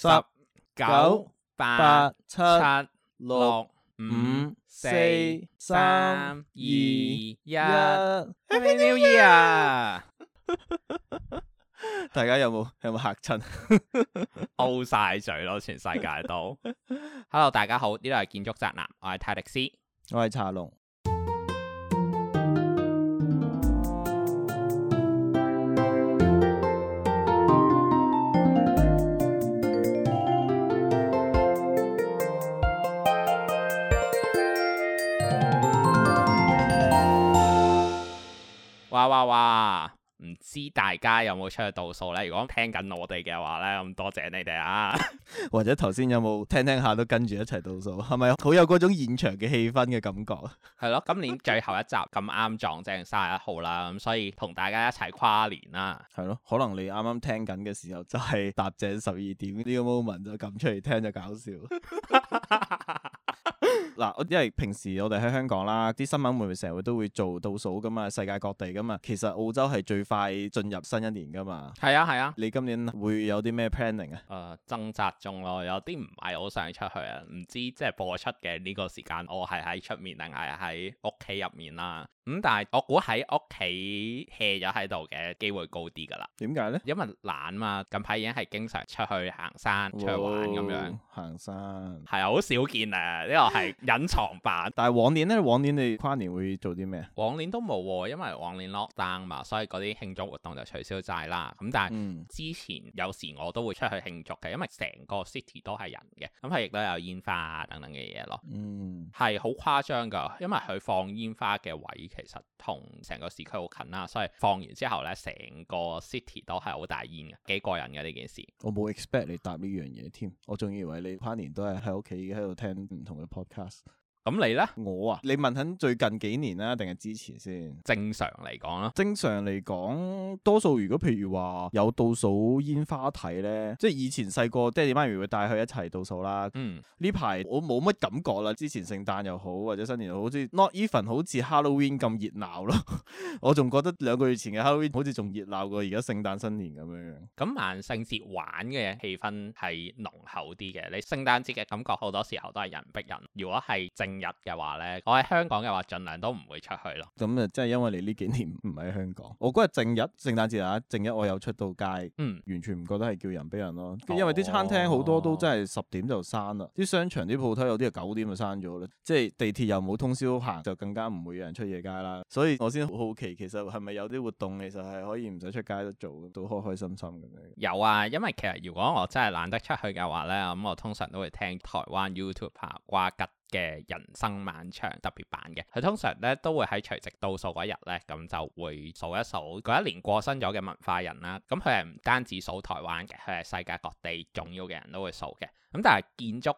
十九八七六五四三二一，Happy New Year！大家有冇有冇嚇親？O 晒嘴咯，全世界都。Hello，大家好，呢度係建築宅男，我係泰迪斯，我係茶龍。哇哇哇！唔知大家有冇出去倒數呢？如果聽緊我哋嘅話呢，咁多謝你哋啊！ 或者頭先有冇聽聽下都跟住一齊倒數，係咪好有嗰種現場嘅氣氛嘅感覺？係咯， 今年最後一集咁啱撞正三十一號啦，咁所以同大家一齊跨年啦、啊。係咯，可能你啱啱聽緊嘅時候就係踏正十二點呢、呢個 moment 就撳出嚟聽就搞笑。 嗱，我 因為平時我哋喺香港啦，啲新聞媒體成日會唔會都會做倒數噶嘛，世界各地噶嘛，其實澳洲係最快進入新一年噶嘛。係啊，係啊。你今年會有啲咩 planning 啊？誒、呃，掙扎中咯，有啲唔係好想出去啊，唔知即係播出嘅呢個時間，我係喺出面定係喺屋企入面啦。咁、嗯、但係我估喺屋企 hea 咗喺度嘅機會高啲㗎啦。點解呢？因為懶啊嘛。近排已經係經常出去行山、哦、出去玩咁樣。行山係好少見啊，呢個係隱藏版。但係往年呢，往年你跨年會做啲咩？往年都冇喎，因為往年 lock down 嘛，所以嗰啲慶祝活動就取消晒啦。咁、嗯嗯、但係之前有時我都會出去慶祝嘅，因為成個 city 都係人嘅，咁係亦都有煙花啊等等嘅嘢咯。嗯，係好誇張㗎，因為佢放煙花嘅位。其實同成個市區好近啦，所以放完之後咧，成個 city 都係好大煙嘅，幾過癮嘅呢件事。我冇 expect 你答呢樣嘢添，我仲以為你跨年都係喺屋企喺度聽唔同嘅 podcast。咁你咧？我啊，你問緊最近幾年啦，定係之前先？正常嚟講啦，正常嚟講，多數如果譬如話有倒數煙花睇咧，即係以前細個爹哋媽咪會帶佢一齊倒數啦。嗯，呢排我冇乜感覺啦。之前聖誕又好，或者新年又好，好似 not even 好似 Halloween 咁熱鬧咯。 我仲覺得兩個月前嘅 Halloween 好似仲熱鬧過而家聖誕新年咁樣樣。咁萬聖節玩嘅氣氛係濃厚啲嘅。你聖誕節嘅感覺好多時候都係人逼人。如果係正日嘅話咧，我喺香港嘅話盡量都唔會出去咯。咁啊，即係因為你呢幾年唔喺香港。我嗰日正日，聖誕節啊，正日我有出到街，嗯，完全唔覺得係叫人俾人咯。因為啲餐廳好多都真係十點就閂啦，啲、哦、商場啲鋪頭有啲啊九點就閂咗啦。即係地鐵又冇通宵行，就更加唔會有人出夜街啦。所以我先好好奇，其實係咪有啲活動其實係可以唔使出街都做，都開開心心咁樣？有啊，因為其實如果我真係懶得出去嘅話咧，咁、嗯、我通常都會聽台灣 YouTuber 瓜吉，嘅人生漫長特別版嘅，佢通常咧都會喺除夕倒數嗰一日咧，咁就會數一數嗰一年過身咗嘅文化人啦。咁佢係唔單止數台灣嘅，佢係世界各地重要嘅人都會數嘅。咁但係建築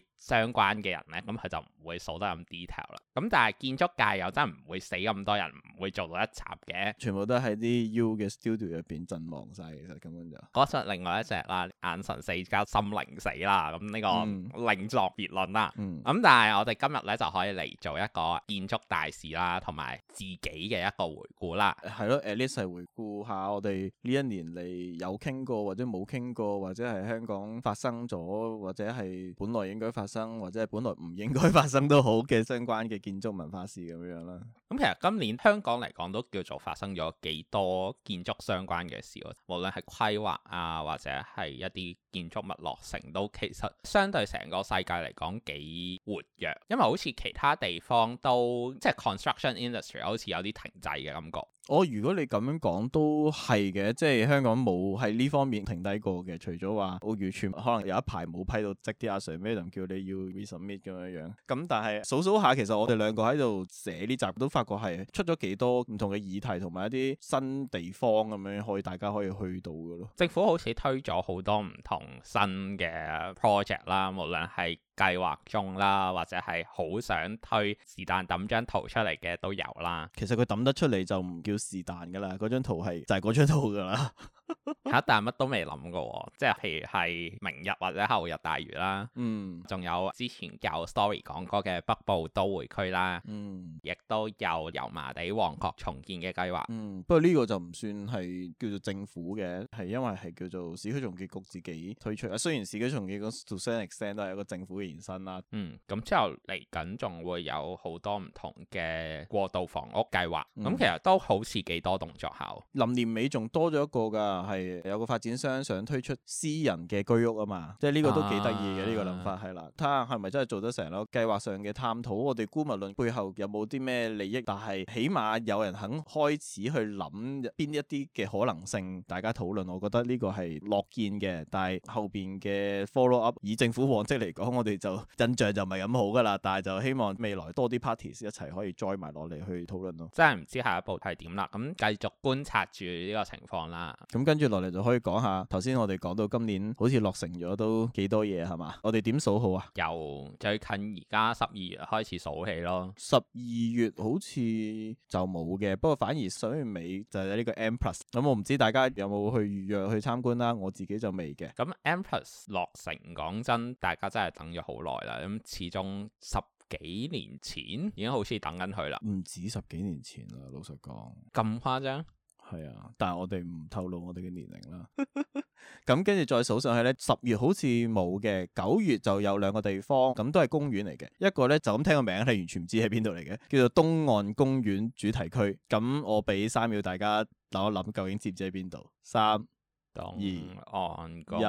界相關嘅人咧，咁佢、嗯、就唔會數得咁 detail 啦。咁但係建築界又真唔會死咁多人，唔會做到一集嘅，全部都喺啲 U 嘅 studio 入邊陣亡晒。其實根本就嗰隻另外一隻啦，眼神死加心靈死啦。咁、嗯嗯嗯、呢個另作別論啦。咁但係我哋今日咧就可以嚟做一個建築大事啦，同埋自己嘅一個回顧啦。係咯，誒，呢啲係回顧下我哋呢一年嚟有傾過或者冇傾過，或者係香港發生咗。或者係本來應該發生，或者係本來唔應該發生都好嘅相關嘅建築文化事咁樣啦。咁其實今年香港嚟講都叫做發生咗幾多建築相關嘅事咯，無論係規劃啊，或者係一啲建築物落成，都其實相對成個世界嚟講幾活躍，因為好似其他地方都即係 construction industry 好似有啲停滯嘅感覺。哦，如果你咁樣講都係嘅，即係香港冇喺呢方面停低過嘅，除咗話澳娛傳可能有一排冇。批到即啲阿 s i r 咩，a 叫你要 m i s s b m i t 咁樣樣，咁但係數數下，其實我哋兩個喺度寫呢集都發覺，係出咗幾多唔同嘅議題，同埋一啲新地方咁樣，可以大家可以去到噶咯。政府好似推咗好多唔同新嘅 project 啦，無論係計劃中啦，或者係好想推是但抌張圖出嚟嘅都有啦。其實佢抌得出嚟就唔叫是但噶啦，嗰、就、張、是、圖係就係嗰張圖噶啦。 係， 但係乜都未諗過，即係譬如係明日或者後日大嶼啦。嗯，仲有之前有 story 講過嘅北部都會區啦。嗯，亦都有油麻地旺角重建嘅計劃。嗯，不過呢個就唔算係叫做政府嘅，係因為係叫做市區重建局自己推出。啊，雖然市區重建局 to some extent 都係一個政府嘅延伸啦。嗯，咁之後嚟緊仲會有好多唔同嘅過渡房屋計劃。咁其實都好似幾多動作效。臨、嗯、年尾仲多咗一個噶。係有個發展商想推出私人嘅居屋啊嘛，即係呢個都幾得意嘅呢個諗法，係啦。睇下係咪真係做得成囉。計劃上嘅探討，我哋姑勿論背後有冇啲咩利益，但係起碼有人肯開始去諗邊一啲嘅可能性，大家討論，我覺得呢個係樂見嘅。但係後邊嘅 follow-up，以政府往績嚟講，我哋就印象就唔係咁好噶啦。但係就希望未來多啲 parties 一齊可以 join 埋落嚟去討論咯。真係唔知下一步係點啦，咁繼續觀察住呢個情況啦。咁、嗯跟住落嚟就可以講下，頭先我哋講到今年好似落成咗都幾多嘢係嘛？我哋點數好啊？由最近而家十二月開始數起咯，十二月好似就冇嘅，不過反而十月尾就係呢個 M+。咁、嗯、我唔知大家有冇去預約去參觀啦，我自己就未嘅。咁 M+、嗯、落成，講真，大家真係等咗好耐啦。咁、嗯、始終十幾年前已經好似等緊佢啦，唔止十幾年前啦，老實講，咁誇張。係啊，但係我哋唔透露我哋嘅年齡啦。咁跟住再數上去呢，十月好似冇嘅，九月就有兩個地方，咁都係公園嚟嘅。一個呢，就咁聽個名，係完全唔知喺邊度嚟嘅，叫做東岸公園主題區。咁我俾三秒大家諗一諗，我究竟知唔知喺邊度？三。檔案公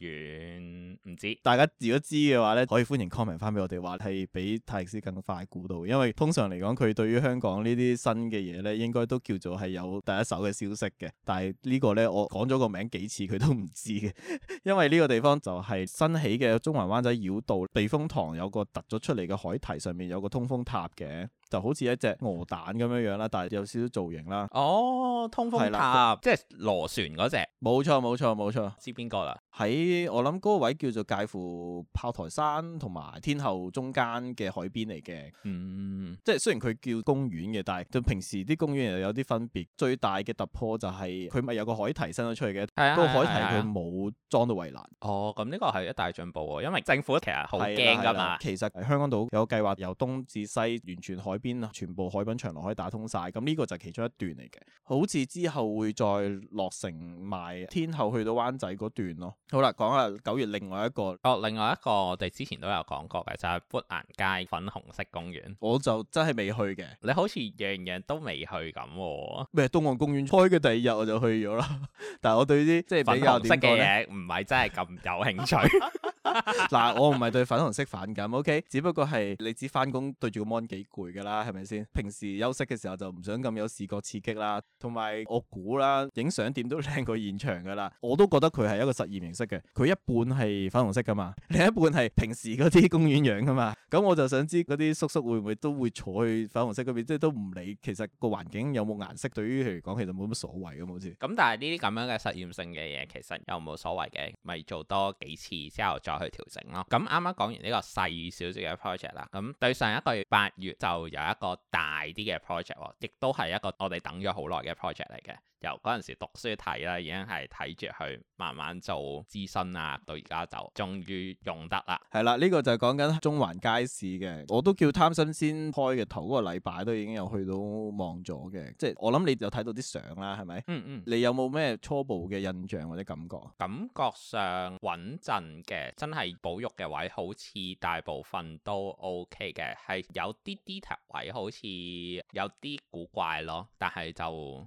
園唔知，大家如果知嘅話咧，可以歡迎 comment 翻俾我哋，話係比泰歷斯更快估到。因為通常嚟講，佢對於香港呢啲新嘅嘢咧，應該都叫做係有第一手嘅消息嘅。但係呢個咧，我講咗個名幾次，佢都唔知嘅， 因為呢個地方就係新起嘅中環灣仔繞道避風塘有個突咗出嚟嘅海堤上面有個通風塔嘅。就好似一隻鵝蛋咁樣樣啦，但係有少少造型啦。哦，通風塔，即係螺旋嗰隻。冇錯冇錯冇錯。知邊個啦？喺我諗嗰個位叫做介乎炮台山同埋天后中間嘅海邊嚟嘅。嗯，即係雖然佢叫公園嘅，但係就平時啲公園又有啲分別。最大嘅突破就係佢咪有個海堤伸咗出嚟嘅，嗰個海堤佢冇裝到圍欄。哦，咁呢個係一大進步喎，因為政府其實好驚㗎嘛。其實香港島有計劃由東至西完全海邊啊，全部海濱長廊可以打通晒，咁、這、呢個就係其中一段嚟嘅。好似之後會再落成埋天后去到灣仔嗰段咯。好啦，講下九月另外一個，哦，另外一個我哋之前都有講過嘅就係砵蘭街粉紅色公園，我就真係未去嘅。你好似樣樣都未去咁，咩？東岸公園開嘅第二日我就去咗啦， 但係我對啲即係比較色嘅嘢唔係真係咁有興趣。 嗱， 我唔係對粉紅色反感，OK，只不過係你知翻工對住個 mon 幾攰噶啦，係咪先？平時休息嘅時候就唔想咁有視覺刺激啦。同埋我估啦，影相點都靚過現場噶啦。我都覺得佢係一個實驗形式嘅，佢一半係粉紅色噶嘛，另一半係平時嗰啲公園樣噶嘛。咁我就想知嗰啲叔叔會唔會都會坐去粉紅色嗰邊，即係都唔理其實個環境有冇顏色，對於佢嚟講其實冇乜所謂噶嘛好似。咁但係呢啲咁樣嘅實驗性嘅嘢，其實又冇所謂嘅，咪做多幾次之後再去調整咯。咁啱啱講完呢個細少少嘅 project 啦，咁對上一個月八月就有一個大啲嘅 project，亦都係一個我哋等咗好耐嘅 project 嚟嘅。由嗰陣時讀書睇啦，已經係睇住佢慢慢做資深啊，到而家就終於用得啦。係啦，呢、這個就係講緊中環街市嘅，我都叫貪新鮮開嘅頭嗰個禮拜都已經有去到望咗嘅，即係我諗你就睇到啲相啦，係咪、嗯？嗯嗯。你有冇咩初步嘅印象或者感覺？感覺上穩陣嘅，真係保育嘅位好似大部分都 OK 嘅，係有啲 detail 位好似有啲古怪咯，但係就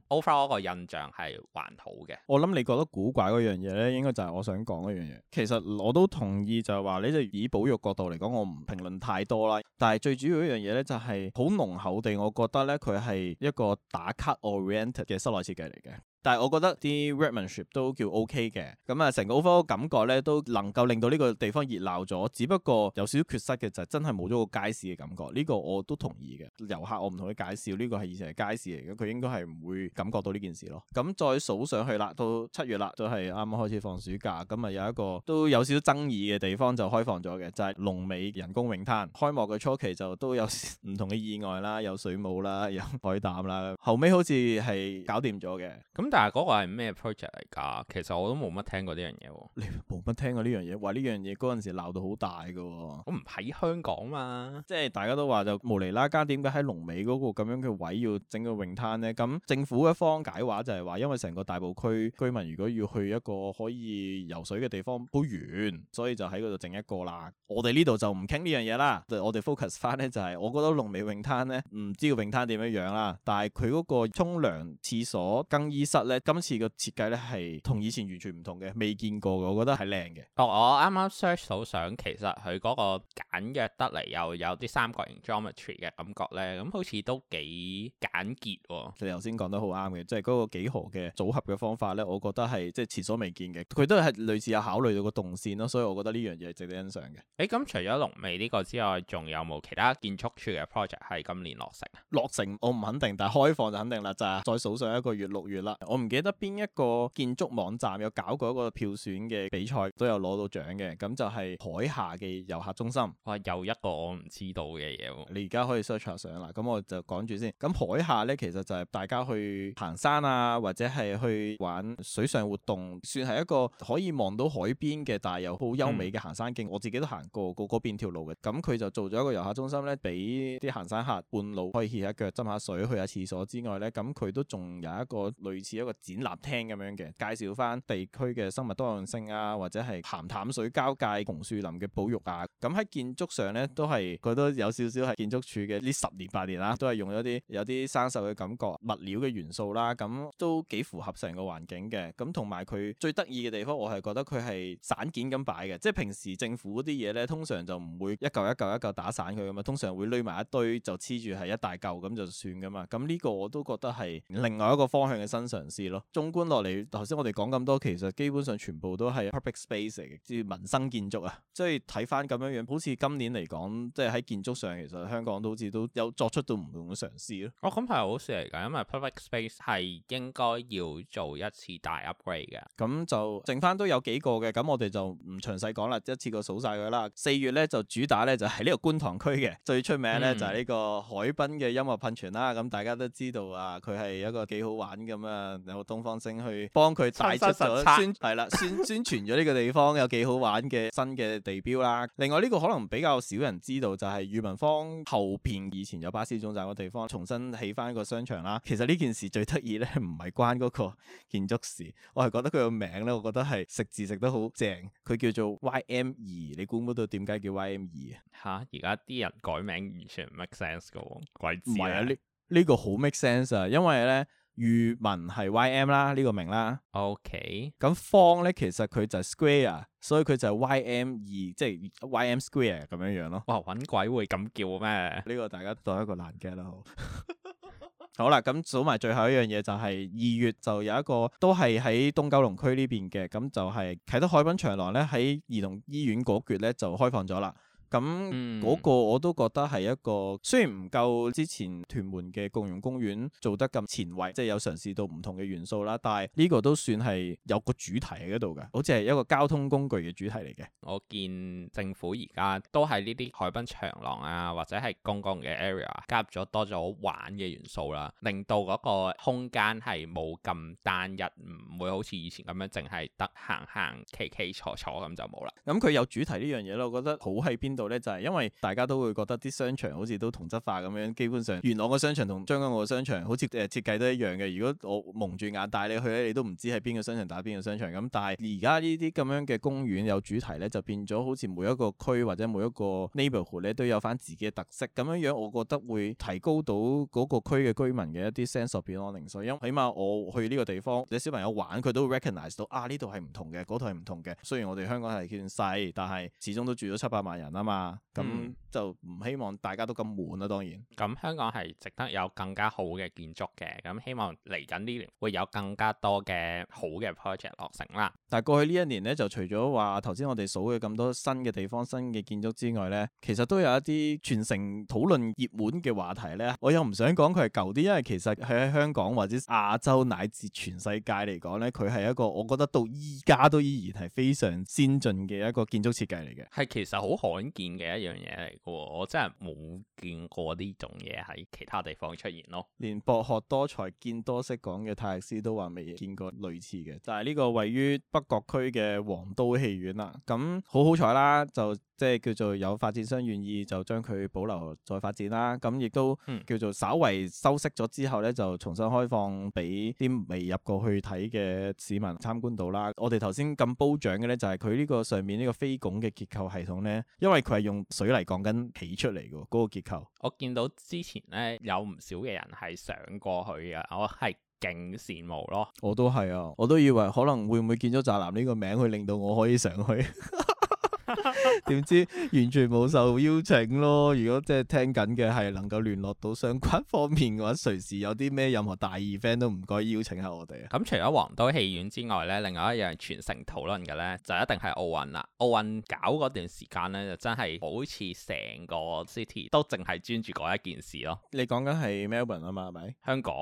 overall 嗰個印。係還好嘅，我諗你覺得古怪嗰樣嘢咧，應該就係我想講嗰樣嘢。其實我都同意就係話，你就以保育角度嚟講，我唔評論太多啦。但係最主要一樣嘢咧、就是，就係好濃厚地，我覺得咧，佢係一個打卡 oriented 嘅室內設計嚟嘅。但係我覺得啲 relationship 都叫 OK 嘅，咁啊成個 over 感覺咧都能夠令到呢個地方熱鬧咗，只不過有少少缺失嘅就真係冇咗個街市嘅感覺，呢個我都同意嘅。遊客我唔同佢介紹，呢個係以前嘅街市嚟嘅，佢應該係唔會感覺到呢件事咯。咁再數上去啦，到七月啦，就係啱啱開始放暑假，咁啊有一個都有少少爭議嘅地方就開放咗嘅，就係龍尾人工泳灘。開幕嘅初期就都有唔同嘅意外啦，有水母啦，有海膽啦，後尾好似係搞掂咗嘅，咁、嗯。嗱，嗰個係咩 project 嚟㗎？其實我都冇乜聽過呢樣嘢喎。你冇乜聽過呢樣嘢？哇！呢樣嘢嗰陣時鬧到好大㗎喎、啊。我唔喺香港啊嘛，即係大家都話就無釐啦加，點解喺龍尾嗰個咁樣嘅位要整個泳灘咧？咁政府嘅方解話就係話，因為成個大埔區居民如果要去一個可以游水嘅地方好遠，所以就喺嗰度整一個啦。我哋呢度就唔傾呢樣嘢啦。我哋 focus 翻咧就係，我覺得龍尾泳灘咧，唔知個泳灘點樣樣啦。但係佢嗰個沖涼、廁所、更衣室。咧今次個設計咧係同以前完全唔同嘅，未見過嘅，我覺得係靚嘅。哦，我啱啱 search 到相，其實佢嗰個簡約得嚟又有啲三角形 geometry 嘅感覺咧，咁好似都幾簡潔喎、哦。你頭先講得好啱嘅，即係嗰個幾何嘅組合嘅方法咧，我覺得係即係前所未見嘅。佢都係類似有考慮到個動線咯，所以我覺得呢樣嘢係值得欣賞嘅。誒，咁、嗯、除咗龍尾呢個之外，仲有冇其他建築署嘅 project 係今年落成？落成我唔肯定，但係開放就肯定啦，就係、是、再數上一個月六月啦。我唔記得邊一個建築網站有搞過一個票選嘅比賽，都有攞到獎嘅。咁就係海下嘅遊客中心，哇！又一個我唔知道嘅嘢喎。你而家可以 search 下相啦。咁我就講住先講。咁海下咧，其實就係大家去行山啊，或者係去玩水上活動，算係一個可以望到海邊嘅，但係又好優美嘅行山徑。嗯、我自己都行過嗰邊條路嘅。咁佢就做咗一個遊客中心咧，俾啲行山客半路可以歇下腳、浸下水、去下廁所之外咧，咁佢都仲有一個類似。一個展覽廳咁樣嘅，介紹翻地區嘅生物多樣性啊，或者係鹹淡水交界紅樹林嘅保育啊。咁、嗯、喺建築上咧，都係覺得有少少係建築署嘅呢十年八年啦，都係用咗啲有啲生銹嘅感覺物料嘅元素啦，咁都幾符合成個環境嘅。咁同埋佢最得意嘅地方，我係覺得佢係散件咁擺嘅。即係平時政府啲嘢咧，通常就唔會一舊一舊一舊打散佢噶嘛，通常會堆埋一堆就黐住係一大舊咁就算噶嘛。咁呢個我都覺得係另外一個方向嘅身上嘗試咯，縱觀落嚟，頭先我哋講咁多，其實基本上全部都係 public space 嚟嘅，即係民生建築啊。即係睇翻咁樣樣，好似今年嚟講，即係喺建築上，其實香港都好似都有作出到唔同嘅嘗試咯。哦，咁係好事嚟噶，因為 public space 係應該要做一次大 upgrade 嘅。咁就剩翻都有幾個嘅，咁我哋就唔詳細講啦，一次過數晒佢啦。四月咧就主打咧就喺、係、呢個觀塘區嘅，最出名咧就係、係、呢個海濱嘅音樂噴泉啦。咁、嗯嗯嗯、大家都知道啊，佢係一個幾好玩咁啊。有東方星去幫佢帶出咗宣係啦實 宣宣傳咗呢個地方有幾好玩嘅新嘅地標啦。另外呢個可能比較少人知道就係裕民坊後邊，以前有巴士總站嘅地方，重新起翻個商場啦。其實呢件事最得意咧，唔係關嗰個建築事，我係覺得佢個名咧，我覺得係食字食得好正。佢叫做 Y M 二，你估唔估到點解叫 Y M 二？吓，而家啲人改名完全唔 make sense 噶，鬼知啊！呢呢、啊呢個好 make sense 啊，因為咧。裕民係 Y M 啦，呢、呢個名啦。OK，咁方咧，其實佢就係 square，所以佢就係 Y M 二，即係 Y M square 咁樣樣咯。哇，搵鬼會咁叫咩？呢個大家都當一個難嘅 e 啦。好， 好啦，咁數埋最後一樣嘢就係、是、二月就有一個都係喺東九龍區呢邊嘅，咁就係啟德海濱長廊咧，喺兒童醫院嗰橛咧就開放咗啦。咁嗰、嗯、個我都覺得係一個雖然唔夠之前屯門嘅共融公園做得咁前衛，即、就、係、是、有嘗試到唔同嘅元素啦，但係呢個都算係有個主題喺度嘅，好似係一個交通工具嘅主題嚟嘅。我見政府而家都係呢啲海濱長廊啊，或者係公共嘅 area 加入咗多咗玩嘅元素啦，令到個空間係冇咁單一，唔會好似以前咁樣淨係得行行企企坐坐咁就冇啦。咁佢有主題呢樣嘢咯，我覺得好喺邊度？就係因為大家都會覺得啲商場好似都同質化咁樣，基本上元朗嘅商場同將軍澳嘅商場好似誒設計都一樣嘅。如果我蒙住眼帶你去咧，你都唔知係邊個商場打邊個商場。咁但係而家呢啲咁樣嘅公園有主題咧，就變咗好似每一個區或者每一個 neighborhood 咧都有翻自己嘅特色。咁樣樣我覺得會提高到嗰個區嘅居民嘅一啲 sense of belonging。因為起碼我去呢個地方，你小朋友玩，佢都 recognize 到啊呢度係唔同嘅，嗰度係唔同嘅。雖然我哋香港係算細，但係始終都住咗七百萬人啊嘛。啊，咁。就唔希望大家都咁悶啦，啊，當然。咁，嗯，香港係值得有更加好嘅建築嘅，咁，嗯，希望嚟緊呢年會有更加多嘅好嘅 project 落成啦。但係過去呢一年咧，就除咗話頭先我哋數嘅咁多新嘅地方，新嘅建築之外咧，其實都有一啲全城討論熱門嘅話題咧。我又唔想講佢係舊啲，因為其實係喺香港或者亞洲乃至全世界嚟講咧，佢係一個我覺得到依家都依然係非常先進嘅一個建築設計嚟嘅。係其實好罕見嘅一樣嘢嚟。哦、我真係冇見過呢種嘢喺其他地方出現咯，連博學多才、見多識廣嘅泰勒斯都話未見過類似嘅，就係呢個位於北角區嘅皇都戲院啦。咁好好彩啦，就。即係叫做有發展商願意就將佢保留再發展啦，咁亦都叫做稍為修飾咗之後咧，就重新開放俾啲未入過去睇嘅市民參觀到啦。嗯、我哋頭先咁褒獎嘅咧，就係佢呢個上面呢個飛拱嘅結構系統咧，因為佢係用水泥鋼筋起出嚟嘅嗰個結構。我見到之前咧有唔少嘅人係上過去嘅，我係勁羨慕咯。我都係啊，我都以為可能會唔會建築宅男呢個名去令到我可以上去？ 點 知完全冇受邀請咯？如果即係聽緊嘅係能夠聯絡到相關方面嘅話，隨時有啲咩任何大 event 都唔該邀請下我哋。咁除咗皇都戲院之外呢，另外一樣全城討論嘅呢，就一定係奧運啦。奧運搞嗰段時間呢，就真係好似成個 city 都淨係專注嗰一件事咯。你講緊係 Melbourne 啊嘛，係咪？香港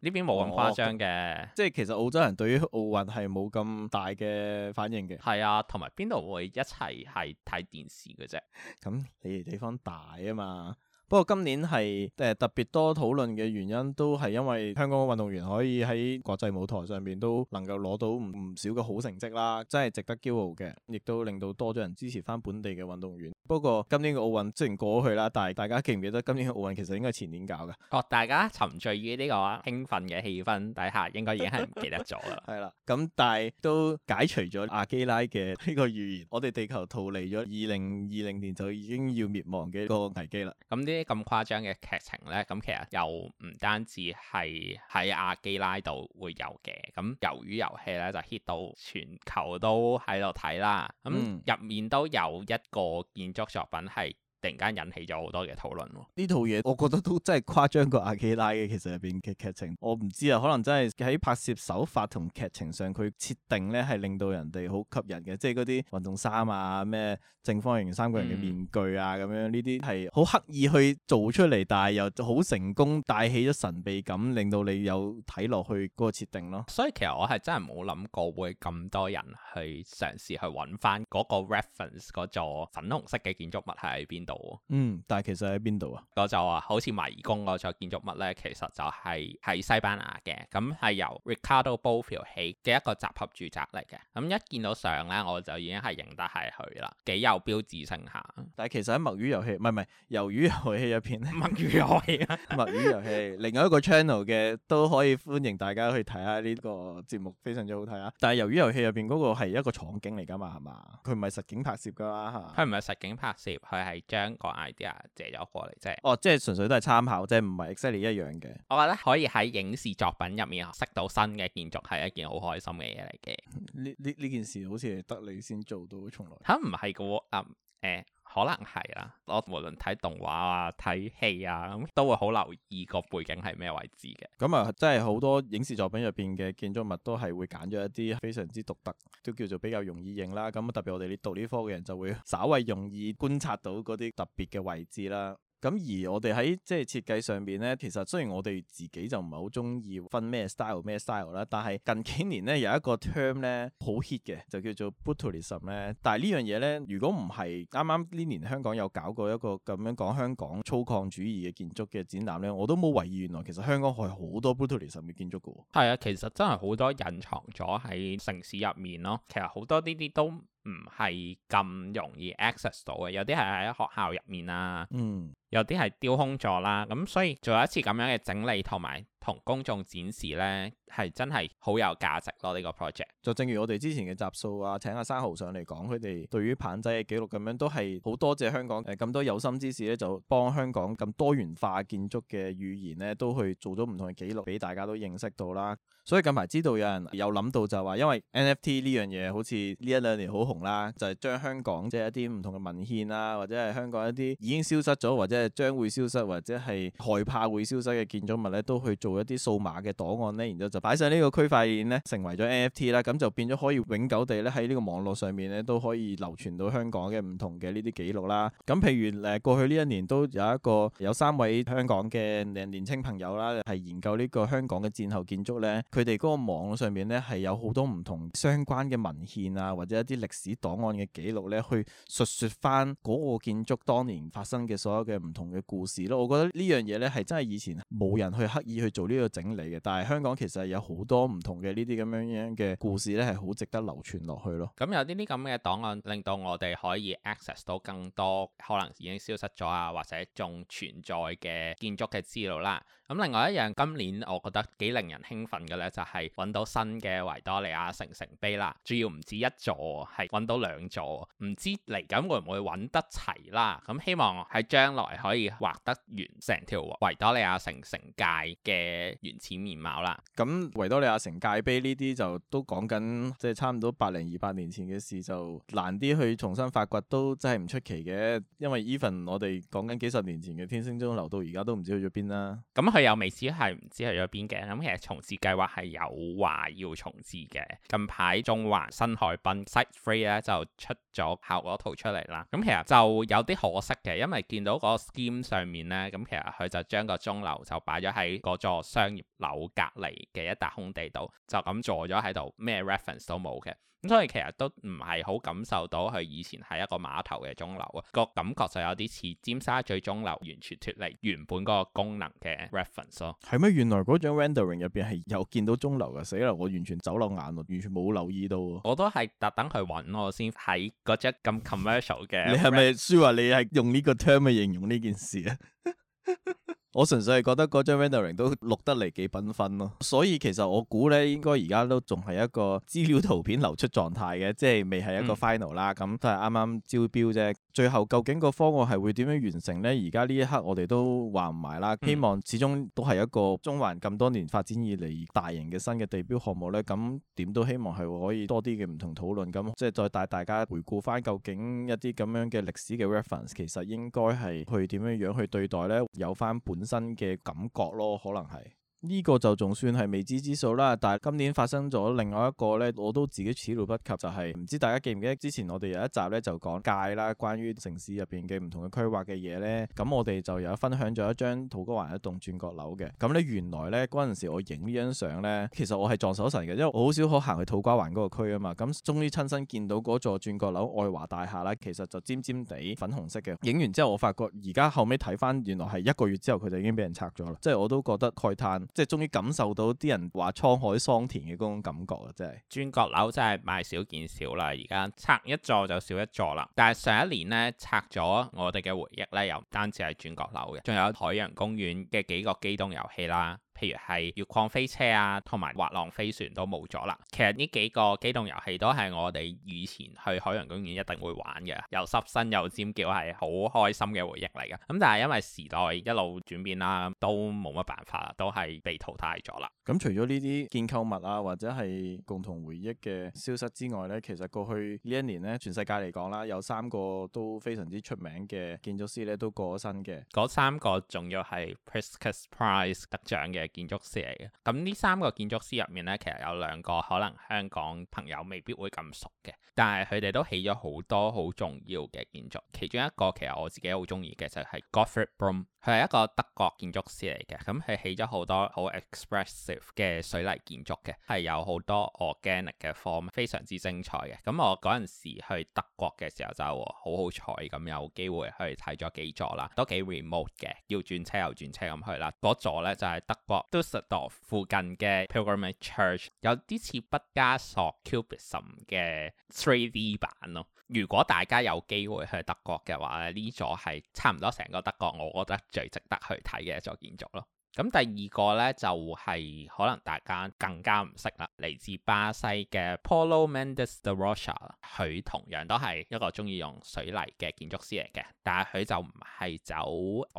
呢邊冇咁誇張嘅，即係其實澳洲人對於奧運係冇咁大嘅反應嘅。係啊，同埋邊度會一齊？係睇電視嘅啫，咁 你哋地方大啊嘛。不過今年係誒特別多討論嘅原因，都係因為香港嘅運動員可以喺國際舞台上面都能夠攞到唔唔少嘅好成績啦，真係值得驕傲嘅，亦都令到多咗人支持翻本地嘅運動員。不過今年嘅奧運雖然過去啦，但係大家記唔記得今年嘅奧運其實應該係前年搞㗎？哦，大家沉醉於呢個興奮嘅氣氛底下，應該已經係唔記得咗啦。係啦 ，咁但係都解除咗阿基拉嘅呢個預言，我哋地球逃離咗二零二零年就已經要滅亡嘅一個危機啦。咁啲。咁誇張嘅劇情咧，咁其實又唔單止係喺阿基拉度會有嘅，咁魷魚遊戲咧就 hit 到全球都喺度睇啦，咁入面都有一個建築作品係突然間引起咗好多嘅討論，呢套嘢我覺得都真係誇張過阿基拉嘅。其實入邊嘅劇情我唔知啊，可能真係喺拍攝手法同劇情上佢設定咧，係令到人哋好吸引嘅。即係嗰啲運動衫啊，咩正方形三個人嘅面具啊，咁樣呢啲係好刻意去做出嚟，但係又好成功帶起咗神秘感，令到你有睇落去嗰個設定咯。所以其實我係真係冇諗過會咁多人去嘗試去揾翻嗰個 reference 嗰座粉紅色嘅建築物係喺邊。嗯，但係其實喺邊度啊？就話好似迷宮嗰座建築物咧，其實就係、是、喺西班牙嘅，咁係由 Ricardo Bofill 起嘅一個集合住宅嚟嘅。咁一見到相咧，我就已經係認得係佢啦，幾有標誌性下。但係其實喺墨魚遊戲唔係唔係魷魚遊戲入邊，墨魚遊戲啊，墨魚遊戲。 另外一個 channel 嘅都可以歡迎大家去睇下呢個節目，非常之好睇啊！但係魷魚遊戲入邊嗰個係一個廠景嚟噶嘛，係嘛？佢唔係實景拍攝噶啦，啊，佢唔係實景拍攝，佢係。將個 idea 借咗過嚟，啫。哦，即係純粹都係參考，即係唔係 exactly 一樣嘅。我覺得可以喺影視作品入面識到新嘅建築，係一件好開心嘅嘢嚟嘅。呢呢呢件事好似係得你先做到從，從來嚇唔係嘅喎，誒、哦。嗯欸可能係啦、啊，我無論睇動畫啊、睇戲啊，咁都會好留意個背景係咩位置嘅。咁啊，即係好多影視作品入邊嘅建築物都係會揀咗一啲非常之獨特，都叫做比較容易認啦。咁特別我哋呢讀呢科嘅人就會稍微容易觀察到嗰啲特別嘅位置啦。咁而我哋喺即係設計上面咧，其實雖然我哋自己就唔係好中意分咩 style 咩 style 啦，但係近幾年咧有一個 term 咧好 hit 嘅，就叫做 Brutalism 咧。但係呢樣嘢咧，如果唔係啱啱呢年香港有搞過一個咁樣講香港粗獷主義嘅建築嘅展覽咧，我都冇懷疑原來其實香港係好多 Brutalism 嘅建築嘅。係啊，其實真係好多隱藏咗喺城市入面咯。其實好多呢啲都。唔係咁容易 access 到嘅，有啲係喺學校入面啊，嗯，有啲係丟空咗啦，咁所以做一次咁樣嘅整理同埋。同公眾展示咧，係真係好有價值咯！呢、這個 project 就正如我哋之前嘅集數啊，請阿生豪上嚟講，佢哋對於棒仔嘅記錄咁樣，都係好多謝香港誒咁、呃、多有心之士咧，就幫香港咁多元化建築嘅語言咧，都去做咗唔同嘅記錄，俾大家都認識到啦。所以近排知道有人有諗到就話，因為 NFT 呢樣嘢好似呢一兩年好紅啦，就係、是、將香港即係一啲唔同嘅文獻啦，或者係香港一啲已經消失咗，或者係將會消失，或者係害怕會消失嘅建築物咧，都去做。一啲數碼嘅檔案咧，然之後就擺上呢個區塊鏈咧，成為咗 NFT 啦，咁就變咗可以永久地咧，喺呢個網絡上面咧，都可以流傳到香港嘅唔同嘅呢啲記錄啦。咁譬如誒過去呢一年都有一個有三位香港嘅年青朋友啦，係研究呢個香港嘅戰後建築咧，佢哋嗰個網絡上面咧，係有好多唔同相關嘅文獻啊，或者一啲歷史檔案嘅記錄咧，去述說翻嗰個建築當年發生嘅所有嘅唔同嘅故事咯。我覺得呢樣嘢咧係真係以前冇人去刻意去做。做呢個整理嘅，但係香港其實有好多唔同嘅呢啲咁樣樣嘅故事咧，係好值得流傳落去咯。咁有啲啲咁嘅檔案，令到我哋可以 access 到更多可能已經消失咗啊，或者仲存在嘅建築嘅資料啦。咁另外一樣，今年我覺得幾令人興奮嘅咧，就係揾到新嘅維多利亞城城碑啦。主要唔止一座，係揾到兩座，唔知嚟緊會唔會揾得齊啦？咁希望喺將來可以畫得完成條維多利亞城城界嘅。嘅原始面貌啦，咁、嗯、維多利亞城界碑呢啲就都講緊，即係差唔多八零二八年前嘅事，就難啲去重新發掘都真係唔出奇嘅，因為 even 我哋講緊幾十年前嘅天星鐘樓到而家都唔知去咗邊啦。咁佢又未知係唔知去咗邊嘅，咁、嗯、其實重置計劃係有話要重置嘅。近排中環新海濱 Site Three 咧就出咗效果圖出嚟啦，咁、嗯、其實就有啲可惜嘅，因為見到個 Scheme 上面咧，咁、嗯、其實佢就將個鐘樓就擺咗喺個座。商業樓隔離嘅一笪空地度，就咁坐咗喺度，咩 reference 都冇嘅，咁所以其實都唔係好感受到佢以前係一個碼頭嘅鐘樓啊，個感覺就有啲似尖沙咀鐘樓完全脫離原本嗰個功能嘅 reference 咯。係咩？原來嗰張 rendering 入邊係有見到鐘樓嘅，死啦！我完全走漏眼喎，完全冇留意到。我都係特登去揾我先喺嗰隻咁 commercial 嘅。 你係咪輸話你係用呢個 term 嚟形容呢件事啊？ 我純粹係覺得嗰張 rendering 都錄得嚟幾繽紛咯，所以其實我估咧，應該而家都仲係一個資料圖片流出狀態嘅，即係未係一個 final 啦，咁都係啱啱招標啫。最後究竟個方案係會點樣完成咧？而家呢一刻我哋都話唔埋啦，嗯、希望始終都係一個中環咁多年發展以嚟大型嘅新嘅地標項目咧，咁點都希望係可以多啲嘅唔同討論，咁即係再帶大家回顧翻究竟一啲咁樣嘅歷史嘅 reference，其實應該係去點樣樣去對待咧，有翻本。本身嘅感覺咯，可能係。呢個就仲算係未知之數啦，但係今年發生咗另外一個呢，我都自己始料不及，就係、是、唔知大家記唔記得之前我哋有一集呢，就講界啦，關於城市入邊嘅唔同嘅規劃嘅嘢呢。咁、嗯、我哋就有分享咗一張土瓜灣一棟轉角樓嘅，咁、嗯、咧原來呢嗰陣時我影呢張相呢，其實我係撞手神嘅，因為我好少可行去土瓜灣嗰個區啊嘛，咁終於親身見到嗰座轉角樓愛華大廈啦，其實就尖尖地粉紅色嘅，影完之後我發覺而家後尾睇翻，原來係一個月之後佢就已經俾人拆咗啦，即係我都覺得慨嘆。即係終於感受到啲人話滄海桑田嘅嗰種感覺啦，真係轉角樓真係買少見少啦，而家拆一座就少一座啦。但係上一年咧拆咗我哋嘅回憶咧，又唔單止係轉角樓嘅，仲有海洋公園嘅幾個機動遊戲啦。譬如係越礦飛車啊，同埋滑浪飛船都冇咗啦。其實呢幾個機動遊戲都係我哋以前去海洋公園一定會玩嘅，又濕身又尖叫，係好開心嘅回憶嚟嘅。咁但係因為時代一路轉變啦，都冇乜辦法，都係被淘汰咗啦。咁除咗呢啲建構物啊，或者係共同回憶嘅消失之外呢，其實過去呢一年呢，全世界嚟講啦，有三個都非常之出名嘅建築師呢，都過咗身嘅。嗰三個仲要係 Pritzker Prize 得獎嘅。建築師嚟嘅，咁呢三個建築師入面呢，其實有兩個可能香港朋友未必會咁熟嘅，但係佢哋都起咗好多好重要嘅建築。其中一個其實我自己好中意嘅就係 Goffredo Brom、um。佢係一個德國建築師嚟嘅，咁佢起咗好多好 expressive 嘅水泥建築嘅，係有好多 organic 嘅 form，非常之精彩嘅。咁我嗰陣時去德國嘅時候就好好彩咁有機會去睇咗幾座啦，都幾 remote 嘅，要轉車又轉車咁去啦。嗰座呢，就係德國 Dusseldorf 附近嘅 Pilgrim Church，有啲似畢加索 Cubism 嘅 3D 版咯。如果大家有機會去德國嘅話咧，呢座係差唔多成個德國，我覺得最值得去睇嘅一座建築咯。咁第二個咧就係、是、可能大家更加唔識啦，嚟自巴西嘅 Paulo Mendes da Rocha，佢同樣都係一個中意用水泥嘅建築師嚟嘅，但係佢就唔係走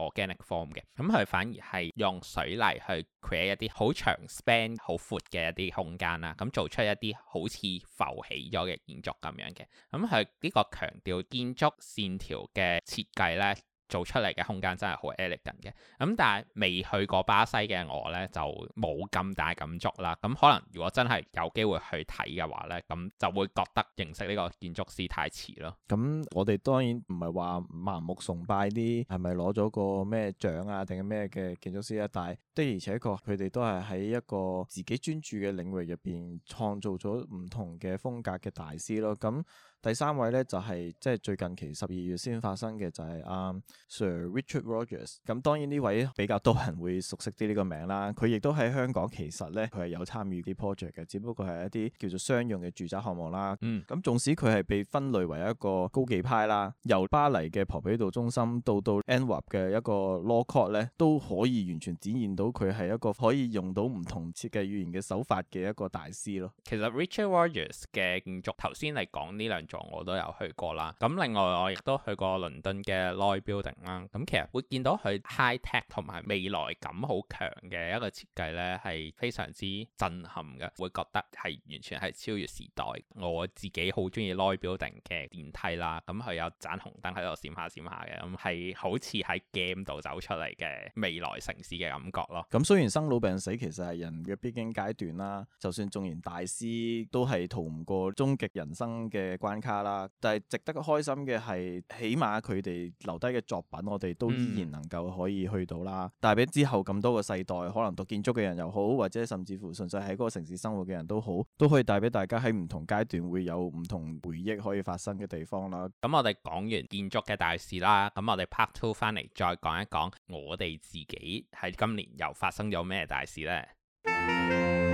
organic form 嘅，咁佢反而係用水泥去 create 一啲好長 span、好闊嘅一啲空間啦，咁做出一啲好似浮起咗嘅建築咁樣嘅，咁佢呢個強調建築線條嘅設計咧。做出嚟嘅空間真係好 elegant 嘅，咁、嗯、但係未去過巴西嘅我呢，就冇咁大感觸啦。咁、嗯、可能如果真係有機會去睇嘅話呢，咁、嗯、就會覺得認識呢個建築師太遲咯。咁、嗯、我哋當然唔係話盲目崇拜啲係咪攞咗個咩獎啊定係咩嘅建築師啊，但係的而且確佢哋都係喺一個自己專注嘅領域入邊創造咗唔同嘅風格嘅大師咯。咁、嗯第三位咧就係即係最近期十二月先發生嘅就係阿 Sir Richard Rogers。咁當然呢位比較多人會熟悉啲呢個名啦。佢亦都喺香港其實咧佢係有參與啲 project 嘅，只不過係一啲叫做商用嘅住宅項目啦。嗯。咁縱使佢係被分類為一個高技派啦，由巴黎嘅龐比度中心到到 Antwerp 嘅一個 law court 咧，都可以完全展現到佢係一個可以用到唔同設計語言嘅手法嘅一個大師咯。其實 Richard Rogers 嘅建築頭先係講呢兩。我都有去過啦，咁另外我亦都去過倫敦嘅 Lloyd's Building 啦，咁、嗯、其實會見到佢 high tech 同埋未來感好強嘅一個設計呢係非常之震撼嘅，會覺得係完全係超越時代。我自己好中意 Lloyd's Building 嘅電梯啦，咁、嗯、佢有盞紅燈喺度閃下閃下嘅，咁、嗯、係好似喺 game 度走出嚟嘅未來城市嘅感覺咯。咁雖然生老病死其實係人嘅必經階段啦，就算縱然大師都係逃唔過終極人生嘅關卡啦，但係值得開心嘅係，起碼佢哋留低嘅作品，我哋都依然能夠可以去到啦。嗯、帶俾之後咁多個世代，可能讀建築嘅人又好，或者甚至乎純粹喺嗰個城市生活嘅人都好，都可以帶俾大家喺唔同階段會有唔同回憶可以發生嘅地方啦。咁、嗯、我哋講完建築嘅大事啦，咁我哋 part two 翻嚟再講一講我哋自己喺今年又發生咗咩大事呢？嗯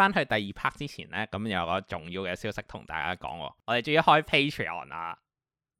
翻去第二 part 之前咧，咁有個重要嘅消息同大家講喎，我哋終於開 Patreon 啦！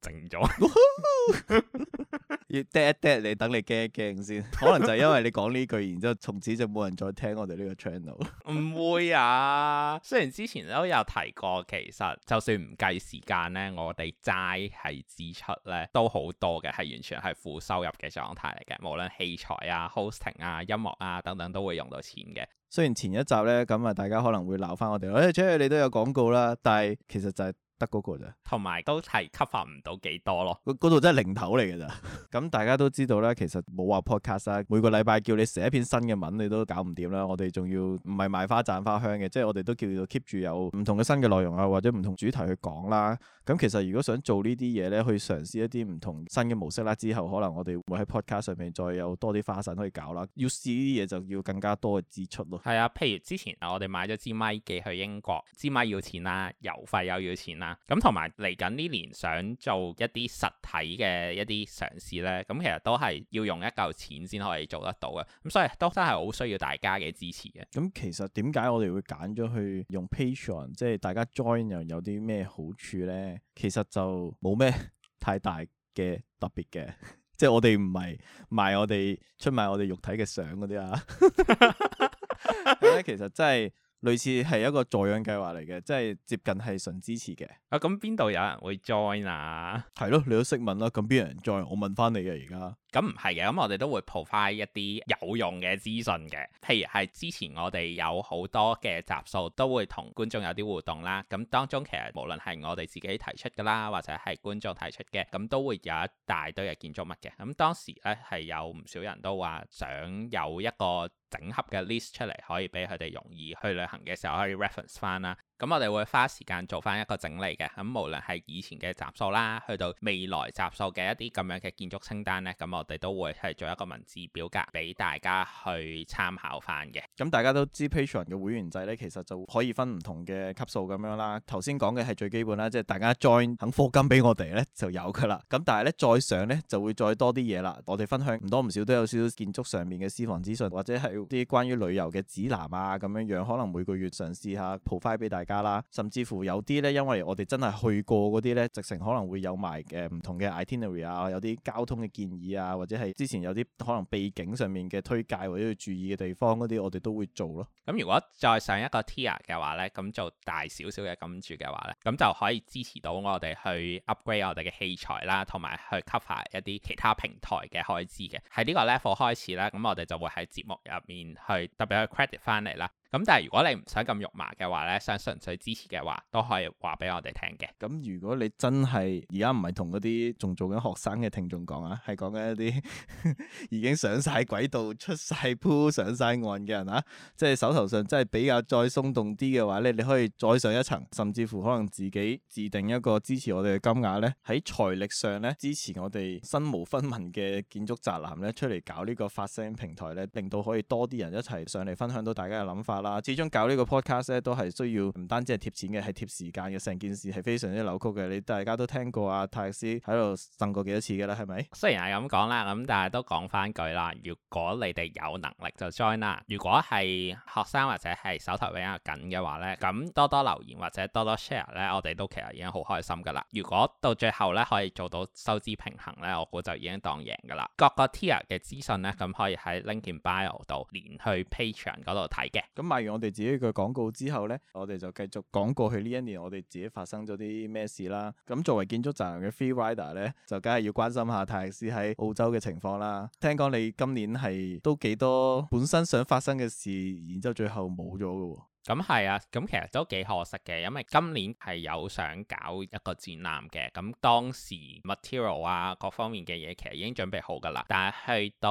靜咗，弄 要嗒一嗒你，等你驚一驚先。 可能就係因為你講呢句，然之後從此就冇人再聽我哋呢個 channel。唔 會啊，雖然之前都有提過，其實就算唔計時間呢，我哋齋係支出呢都好多嘅，係完全係負收入嘅狀態嚟嘅。無論器材啊、hosting 啊、音樂啊等等，都會用到錢嘅。雖然前一集呢咁啊，大家可能會鬧翻我哋，誒，即、hey，係你都有廣告啦，但係其實就係、是。得嗰個啫，同埋都係 cover 唔到幾多咯，嗰度真係零頭嚟嘅咋。咁 大家都知道啦，其實冇話 podcast 啦，每個禮拜叫你寫一篇新嘅文，你都搞唔掂啦。我哋仲要唔係賣花讚花香嘅，即係我哋都叫做 keep 住有唔同嘅新嘅內容啊，或者唔同主題去講啦、啊。咁其實如果想做呢啲嘢咧，去嘗試一啲唔同新嘅模式啦，之後可能我哋會喺 Podcast 上面再有多啲花臣可以搞啦。要試呢啲嘢就要更加多嘅支出咯。係啊，譬如之前我哋買咗支咪寄去英國，支咪要錢啦，郵費又要錢啦。咁同埋嚟緊呢年想做一啲實體嘅一啲嘗試咧，咁、嗯、其實都係要用一嚿錢先可以做得到嘅。咁、嗯、所以都真係好需要大家嘅支持嘅。咁其實點解我哋會揀咗去用 Patreon，即係大家 join 又有啲咩好處咧？其實就冇咩太大嘅特別嘅，即係我哋唔係賣我哋，出賣我哋肉體嘅相嗰啲啊，咁咧其實真係。類似係一個助養計劃嚟嘅，即係接近係純支持嘅。啊，咁邊度有人會 join 啊？係咯，你都識問啦。咁邊有人 join？我問翻你嘅而家。咁唔係嘅，咁我哋都會 provide 一啲有用嘅資訊嘅。譬如係之前我哋有好多嘅集數都會同觀眾有啲互動啦。咁當中其實無論係我哋自己提出㗎啦，或者係觀眾提出嘅，咁都會有一大堆嘅建築物嘅。咁當時咧係有唔少人都話想有一個。整合嘅 list 出嚟，可以俾佢哋容易去旅行嘅時候可以 reference 翻啦。咁我哋會花時間做翻一個整理嘅，咁無論係以前嘅集數啦，去到未來集數嘅一啲咁樣嘅建築清單咧，咁我哋都會係做一個文字表格俾大家去參考翻嘅。咁大家都知 Patreon 嘅會員制咧，其實就可以分唔同嘅級數咁樣啦。頭先講嘅係最基本啦，即係大家 join 肯課金俾我哋咧就有㗎啦。咁但係咧再上咧就會再多啲嘢啦。我哋分享唔多唔少都有少少建築上面嘅私房資訊，或者係啲關於旅遊嘅指南啊咁樣樣，可能每個月嘗試下 provide 俾大家。家啦，甚至乎有啲咧，因為我哋真係去過嗰啲咧，直情可能會有埋嘅唔同嘅 itinerary 啊，有啲交通嘅建議啊，或者係之前有啲可能背景上面嘅推介或者要注意嘅地方嗰啲，我哋都會做咯。咁如果再上一個 tier 嘅話咧，咁做大少少嘅金主嘅話咧，咁就可以支持到我哋去 upgrade 我哋嘅器材啦，同埋去 cover 一啲其他平台嘅開支嘅。喺呢個 level 開始呢啦，咁我哋就會喺節目入面去特別去 credit 翻嚟啦。咁但係如果你唔使咁肉麻嘅話咧，想純粹支持嘅話，都可以話俾我哋聽嘅。咁如果你真係而家唔係同嗰啲仲做緊學生嘅聽眾講啊，係講緊一啲 已經上晒軌道、出晒鋪、上晒岸嘅人啊，即係手頭上真係比較再鬆動啲嘅話咧，你可以再上一層，甚至乎可能自己自定一個支持我哋嘅金額咧，喺財力上咧支持我哋身無分文嘅建築宅男咧，出嚟搞呢個發聲平台咧，令到可以多啲人一齊上嚟分享到大家嘅諗法。啦，始終搞呢個 podcast 咧，都係需要唔單止係貼錢嘅，係貼時間嘅，成件事係非常之扭曲嘅。你大家都聽過啊，泰克斯喺度呻過幾多次嘅啦，係咪？雖然係咁講啦，咁但係都講翻句啦，如果你哋有能力就 join 啦。如果係學生或者係手頭比較緊嘅話咧，咁多多留言或者多多 share 咧，我哋都其實已經好開心噶啦。如果到最後咧可以做到收支平衡咧，我估就已經當贏噶啦。各個 tier 嘅資訊咧，咁可以喺 linkin bio 度連去 Patreon 度睇嘅。咁賣完我哋自己嘅廣告之後呢，我哋就繼續講過去呢一年我哋自己發生咗啲咩事啦。咁作為建築宅人嘅 free rider 呢，就梗係要關心下泰斯喺澳洲嘅情況啦。聽講你今年係都幾多本身想發生嘅事，然之後最後冇咗嘅。咁係啊，咁其實都幾可惜嘅，因為今年係有想搞一個展覽嘅，咁當時 material 啊，各方面嘅嘢其實已經準備好噶啦，但係去到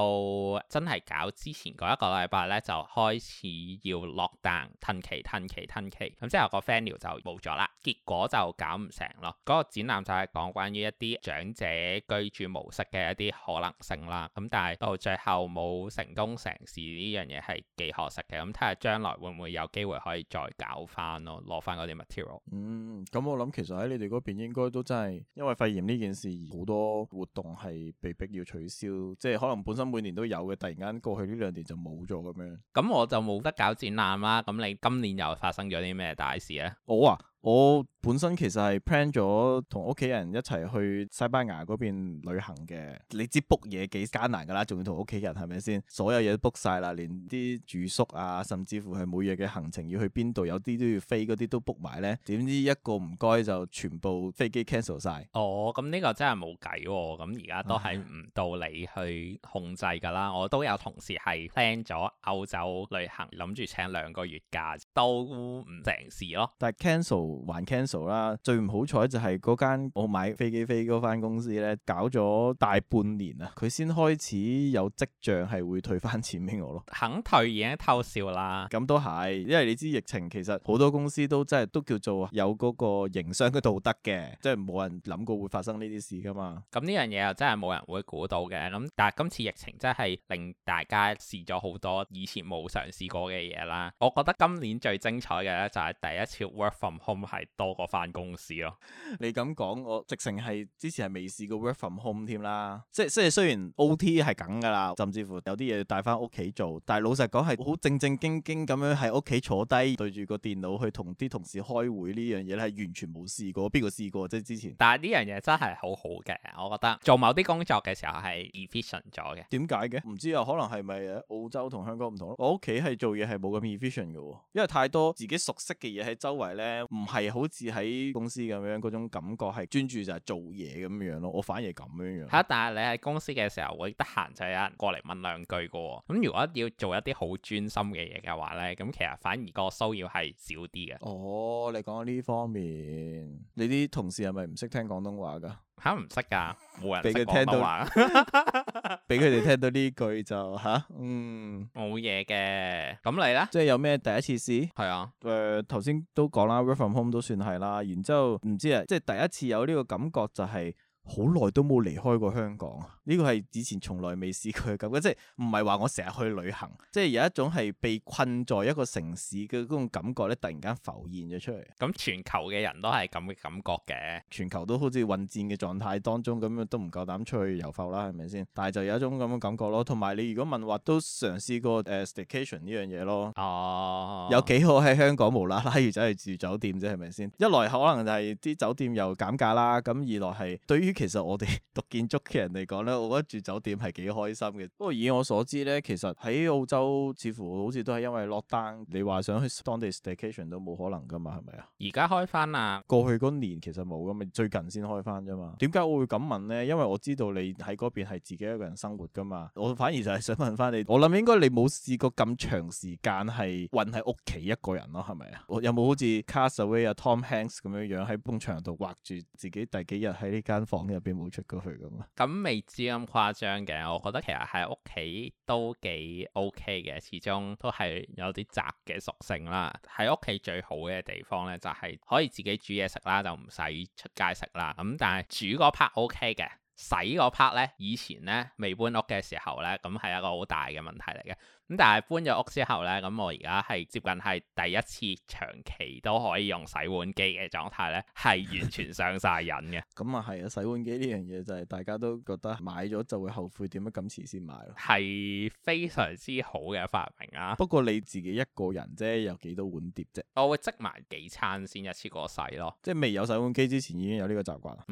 真係搞之前嗰一個禮拜咧，就開始要 lockdown，褪期褪期褪期，咁之後個 final 就冇咗啦，結果就搞唔成咯。嗰個展覽就係講關於一啲長者居住模式嘅一啲可能性啦，咁但係到最後冇成功成事呢樣嘢係幾可惜嘅，咁睇下將來會唔會有機會。可以再搞翻咯，攞翻嗰啲 material。嗯，咁我諗其實喺你哋嗰邊應該都真係，因為肺炎呢件事，好多活動係被迫要取消，即係可能本身每年都有嘅，突然間過去呢兩年就冇咗咁樣。咁我就冇得搞展覽啦。咁你今年又發生咗啲咩大事咧？我啊，我。本身其實係 plan 咗同屋企人一齊去西班牙嗰邊旅行嘅，你知 book 嘢幾艱難㗎啦，仲要同屋企人係咪先？所有嘢都 book 晒啦，連啲住宿啊，甚至乎係每日嘅行程要去邊度，有啲都要飛嗰啲都 book 埋咧。點知一個唔該就全部飛機 cancel 晒哦，咁呢個真係冇計喎，咁而家都係唔到你去控制㗎啦。嗯、我都有同事係 plan 咗歐洲旅行，諗住請兩個月假都唔成事咯。但係 cancel 還 cancel。啦，最唔好彩就係嗰間我買飛機飛嗰間公司咧，搞咗大半年啊，佢先開始有跡象係會退翻錢俾我咯。肯退已經偷笑啦。咁都係，因為你知疫情其實好多公司都真係都叫做有嗰個營商嘅道德嘅，即係冇人諗過會發生呢啲事噶嘛。咁呢樣嘢又真係冇人會估到嘅。咁但係今次疫情真係令大家試咗好多以前冇嘗試過嘅嘢啦。我覺得今年最精彩嘅咧就係第一次 work from home 係多。我翻公司咯，你咁講，我直情係之前係未試過 work from home 添啦，即即雖然 OT 係梗㗎啦，甚至乎有啲嘢帶翻屋企做，但係老實講係好正正經經咁樣喺屋企坐低對住個電腦去同啲同事開會呢樣嘢咧，係完全冇試過，邊個試過？即係之前。但係呢樣嘢真係好好嘅，我覺得做某啲工作嘅時候係 efficient 咗嘅。點解嘅？唔知啊，可能係咪澳洲同香港唔同咯？我屋企係做嘢係冇咁 efficient 嘅喎，因為太多自己熟悉嘅嘢喺周圍咧，唔係好似。喺公司咁樣嗰種感覺係專注，就係做嘢咁樣咯，我反而咁樣樣。吓，但係你喺公司嘅時候會得閒就有人過嚟問兩句噶，咁如果要做一啲好專心嘅嘢嘅話咧，咁其實反而個騷擾係少啲嘅。哦，你講呢方面，你啲同事係咪唔識聽廣東話噶？吓，唔識噶，冇人俾佢聽到話，俾佢哋聽到呢句就吓，嗯，冇嘢嘅。咁你咧？即係有咩第一次試？係啊，誒、呃，頭先都講啦，work from home 都算係啦。然之後唔知啊，即係第一次有呢個感覺就係、是。好耐都冇離開過香港，呢個係以前從來未試過嘅感覺，即係唔係話我成日去旅行，即係有一種係被困在一個城市嘅嗰種感覺咧，突然間浮現咗出嚟。咁全球嘅人都係咁嘅感覺嘅，全球都好似混戰嘅狀態當中，咁樣都唔夠膽出去遊浮啦，係咪先？但係就有一種咁嘅感覺咯。同埋你如果問話都嘗試過誒 staycation 呢樣嘢咯，哦，有幾好喺香港無啦啦要走去住酒店啫，係咪先？一來可能就係啲酒店又減價啦，咁二來係對於。其實我哋讀建築嘅人嚟講咧，我覺得住酒店係幾開心嘅。不過以我所知咧，其實喺澳洲似乎好似都係因為落單，你話想去當地 station 都冇可能噶嘛，係咪啊？而家開翻啦，過去嗰年其實冇咁嘛，最近先開翻啫嘛。點解我會咁問咧？因為我知道你喺嗰邊係自己一個人生活噶嘛。我反而就係想問翻你，我諗應該你冇試過咁長時間係韆喺屋企一個人咯，係咪啊？有冇好似 Castaway 啊 Tom Hanks 咁樣樣喺埲牆度畫住自己第幾日喺呢間房間？房入邊冇出過去㗎嘛？咁未知咁誇張嘅，我覺得其實喺屋企都幾 OK 嘅，始終都係有啲宅嘅屬性啦。喺屋企最好嘅地方咧，就係可以自己煮嘢食啦，就唔使出街食啦。咁但係煮嗰 part OK 嘅，洗嗰 part 咧，以前咧，未搬屋嘅時候咧，咁係一個好大嘅問題嚟嘅。咁但係搬咗屋之後咧，咁我而家係接近係第一次長期都可以用洗碗機嘅狀態咧，係完全上晒癮嘅。咁啊係啊，洗碗機呢樣嘢就係大家都覺得買咗就會後悔麼麼，點解咁遲先買咯？係非常之好嘅發明啊！不過你自己一個人啫，有幾多碗碟啫？我會積埋幾餐先一次過洗咯。即係未有洗碗機之前已經有呢個習慣啦。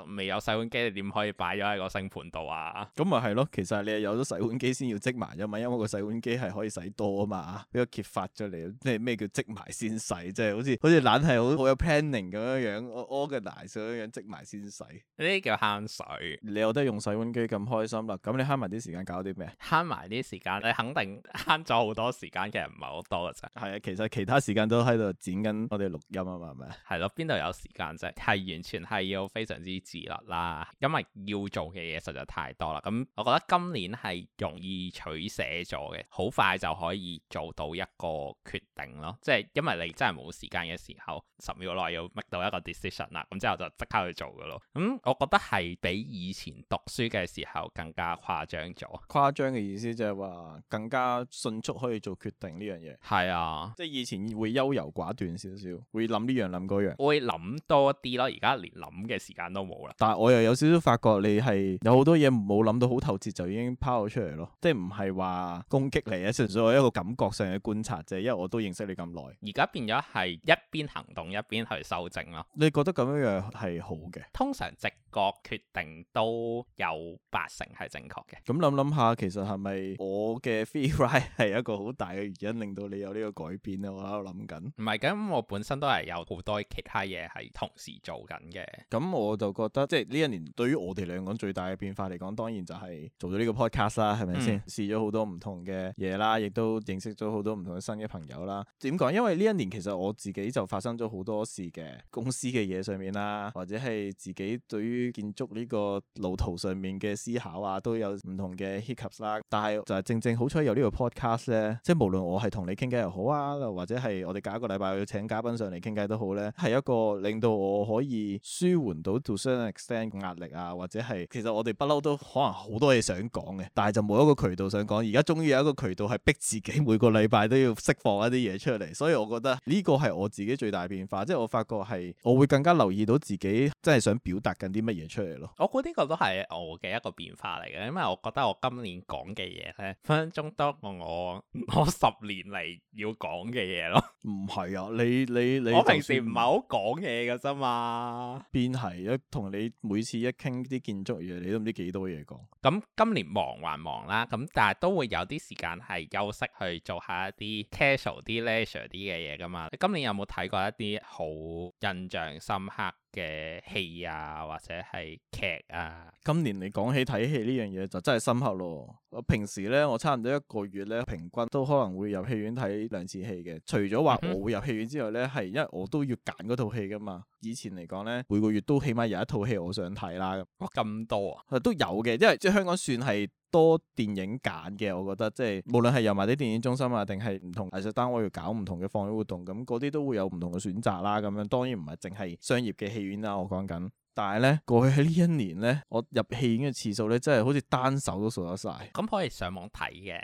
唔得，未有洗碗機你點可以擺咗喺個星盆度啊？咁咪係咯，其實你係有咗洗碗機先要積埋啫嘛？因為個洗碗機係可以洗多啊嘛，俾個揭發咗嚟，即係咩叫積埋先洗，即係好似好似懶係好好有 planning 咁樣樣 organize 咁樣積埋先洗，呢啲叫慳水。你又得用洗碗機咁開心啦，咁你慳埋啲時間搞啲咩啊？慳埋啲時間，你肯定慳咗好多時間，其實唔係好多嘅啫。係啊，其實其他時間都喺度剪緊我哋錄音啊嘛，係咪？係咯、啊，邊度有時間啫？係完全係要非常之自律啦，因為要做嘅嘢實在太多啦。咁我覺得今年係容易取捨咗嘅，好快就可以做到一個決定咯，即係因為你真係冇時間嘅時候，十秒內要 make 到一個 decision 啦，咁之後就即刻去做噶咯。咁、嗯、我覺得係比以前讀書嘅時候更加誇張咗。誇張嘅意思就係話更加迅速可以做決定呢樣嘢。係啊，即係以前會優柔寡斷少少，會諗呢樣諗嗰樣，這個、會諗多啲咯。而家連諗嘅時間都冇啦。但係我又有少少發覺你，你係有好多嘢冇諗到好透徹就已經拋咗出嚟咯，即係唔係話。啊，攻擊你啊！純粹我一個感覺上嘅觀察啫，因為我都認識你咁耐。而家變咗係一邊行動一邊去修正咯。你覺得咁樣樣係好嘅？通常直覺決定都有八成係正確嘅。咁諗諗下，其實係咪我嘅 free ride 係一個好大嘅原因令到你有呢個改變咧？我喺度諗緊。唔係嘅，咁我本身都係有好多其他嘢係同時做緊嘅。咁、嗯、我就覺得即係呢一年對於我哋兩個最大嘅變化嚟講，當然就係做咗呢個 podcast 啦，係咪先？嗯、試咗好多。唔同嘅嘢啦，亦都認識咗好多唔同嘅新嘅朋友啦。點講？因為呢一年其實我自己就發生咗好多事嘅，公司嘅嘢上面啦，或者係自己對於建築呢個路途上面嘅思考啊，都有唔同嘅 hiccups 啦。但係就係正正好彩有個呢個 podcast 咧，即係無論我係同你傾偈又好啊，或者係我哋隔一個禮拜要請嘉賓上嚟傾偈都好咧，係一個令到我可以舒緩到 to some extent 壓力啊，或者係其實我哋不嬲都可能好多嘢想講嘅，但係就冇一個渠道想講。而家終於有一個渠道係逼自己每個禮拜都要釋放一啲嘢出嚟，所以我覺得呢個係我自己最大變化，即係我發覺係我會更加留意到自己真係想表達緊啲乜嘢出嚟咯。我估呢個都係我嘅一個變化嚟嘅，因為我覺得我今年講嘅嘢咧分分鐘多過我我十年嚟要講嘅嘢咯。唔係啊，你你你我平時唔係好講嘢㗎啫嘛。邊係，一同你每次一傾啲建築嘢，你都唔知幾多嘢講。咁今年忙還忙啦，咁但係都會。有啲時間，係休息去做下一啲 casual 啲、leisure 啲嘅嘢噶嘛？你今年有冇睇過一啲好印象深刻嘅戲啊，或者係劇啊，今年嚟講起睇戲呢樣嘢就真係深刻咯。我平時呢，我差唔多一個月呢，平均都可能會入戲院睇兩次戲嘅。除咗話我會入戲院之外呢，係、嗯、哼因為我都要揀嗰套戲噶嘛。以前嚟講呢，每個月都起碼有一套戲我想睇啦。哇，咁多啊？都有嘅，因為即係香港算係多電影揀嘅，我覺得即係無論係入埋啲電影中心啊，定係唔同藝術單位要搞唔同嘅放映活動，咁嗰啲都會有唔同嘅選擇啦。咁樣當然唔係淨係商業嘅戲。遠啊，我講緊。但係咧，過去喺呢一年咧，我入戲院嘅次數咧，真係好似單手都數得晒，咁可以上網睇嘅。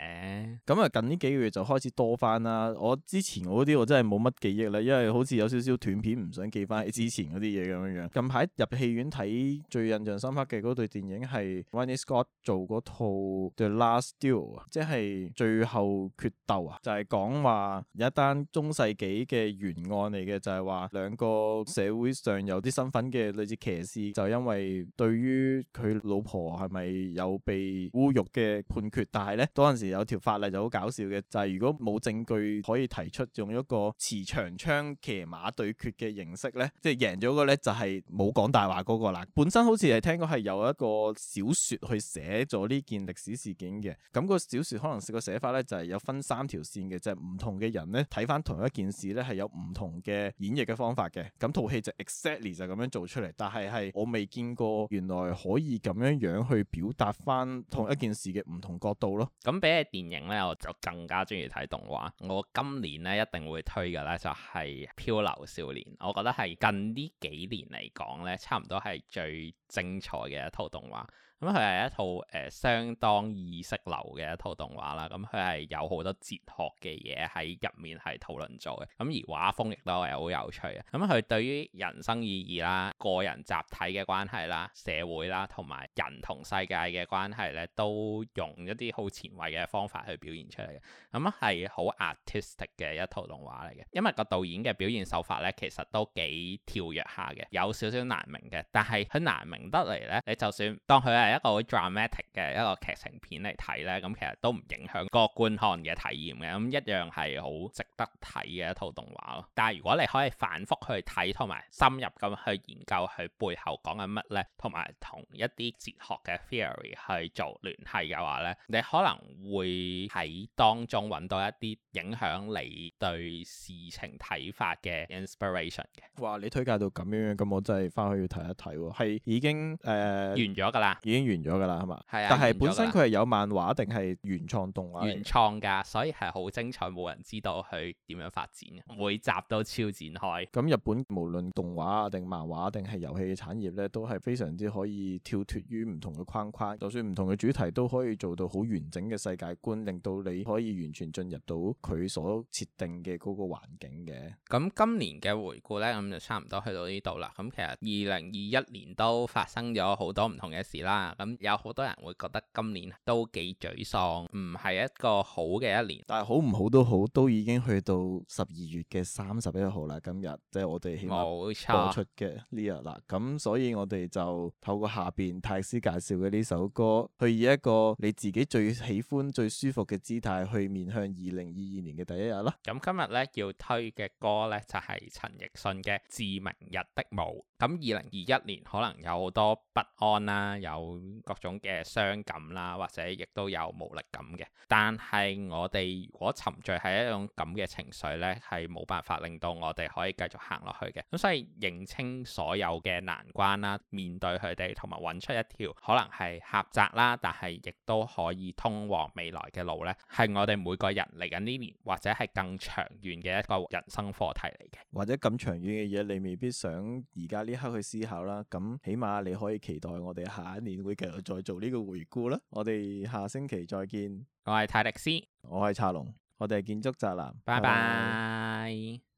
咁啊，近呢幾個月就開始多翻啦。我之前嗰啲我真係冇乜記憶啦，因為好似有少少斷片，唔想記翻起之前嗰啲嘢咁樣樣。近排入戲院睇最印象深刻嘅嗰對電影係 Ridley Scott 做嗰套 The Last Duel，啊，即係最後決鬥啊，就係講話有一單中世紀嘅懸案嚟嘅，就係話兩個社會上有啲身份嘅，類似騎。就因為對於佢老婆係咪有被侮辱嘅判決，但係咧嗰陣時有條法例就好搞笑嘅，就係、是、如果冇證據可以提出，用一個持長槍騎馬對決嘅形式咧，即係贏咗個咧就係冇講大話嗰個啦。本身好似係聽過係有一個小說去寫咗呢件歷史事件嘅，咁、那個小說可能個寫法咧就係、是、有分三條綫嘅，就係、是、唔同嘅人咧睇翻同一件事咧係有唔同嘅演繹嘅方法嘅，咁套戲就 exactly 就咁樣做出嚟，但係。係我未見過，原來可以咁樣樣去表達翻同一件事嘅唔同角度咯。咁、嗯、比起電影咧，我就更加中意睇動畫。我今年咧一定會推嘅咧，就係、是《漂流少年》，我覺得係近呢幾年嚟講咧，差唔多係最精彩嘅一套動畫。咁佢係一套誒、呃、相當意識流嘅一套動畫啦，咁佢係有好多哲學嘅嘢喺入面係討論咗嘅，咁、嗯、而畫風亦都係好有趣嘅。咁、嗯、佢對於人生意義啦、個人集體嘅關係啦、社會啦同埋人同世界嘅關係咧，都用一啲好前衛嘅方法去表現出嚟嘅，咁係好 artistic 嘅一套動畫嚟嘅。因為個導演嘅表現手法咧，其實都幾跳躍下嘅，有少少難明嘅，但係佢難明得嚟咧，你就算當佢係。一個好 dramatic 嘅一個劇情片嚟睇呢，咁其實都唔影響個觀看嘅體驗嘅，咁一樣係好值得睇嘅一套動畫咯。但係如果你可以反覆去睇同埋深入咁去研究佢背後講緊乜呢，同埋同一啲哲學嘅 theory 去做聯繫嘅話呢，你可能會喺當中揾到一啲影響你對事情睇法嘅 inspiration 嘅。哇！你推介到咁樣樣，咁我真係翻去要睇一睇喎。係已經誒、呃、完咗㗎啦，完咗噶啦，係嘛？係啊，但係本身佢係完咗有漫畫定係原創動畫？原創噶，所以係好精彩，冇人知道佢點樣發展。每集都超展開。咁日本無論動畫啊、定漫畫定係遊戲嘅產業咧，都係非常之可以跳脱於唔同嘅框框，就算唔同嘅主題都可以做到好完整嘅世界觀，令到你可以完全進入到佢所設定嘅嗰個環境嘅。咁今年嘅回顧咧，咁就差唔多去到呢度啦。咁其實二零二一年都發生咗好多唔同嘅事啦。咁有好多人會覺得今年都幾沮喪，唔係一個好嘅一年。但係好唔好都好，都已經去到十二月嘅三十一號啦。今日即係我哋希望播出嘅呢日啦。咁冇錯。所以我哋就透過下邊泰斯介紹嘅呢首歌，去以一個你自己最喜歡、最舒服嘅姿態去面向二零二二年嘅第一日啦。咁今日咧要推嘅歌咧就係、是、陳奕迅嘅《致明日的舞》。咁二零二一年可能有好多不安啦，有各種嘅傷感啦，或者亦都有無力感嘅。但係我哋如果沉醉係一種咁嘅情緒咧，係冇辦法令到我哋可以繼續行落去嘅。咁所以認清所有嘅難關啦，面對佢哋，同埋揾出一條可能係狹窄啦，但係亦都可以通往未來嘅路咧，係我哋每個人嚟緊呢年或者係更長遠嘅一個人生課題嚟嘅。或者咁長遠嘅嘢，你未必想而家一刻去思考啦，咁起碼你可以期待我哋下一年會繼續再做呢個回顧啦。我哋下星期再見，我係泰迪斯，我係查龍，我哋係建築宅男。拜拜 bye。Bye bye。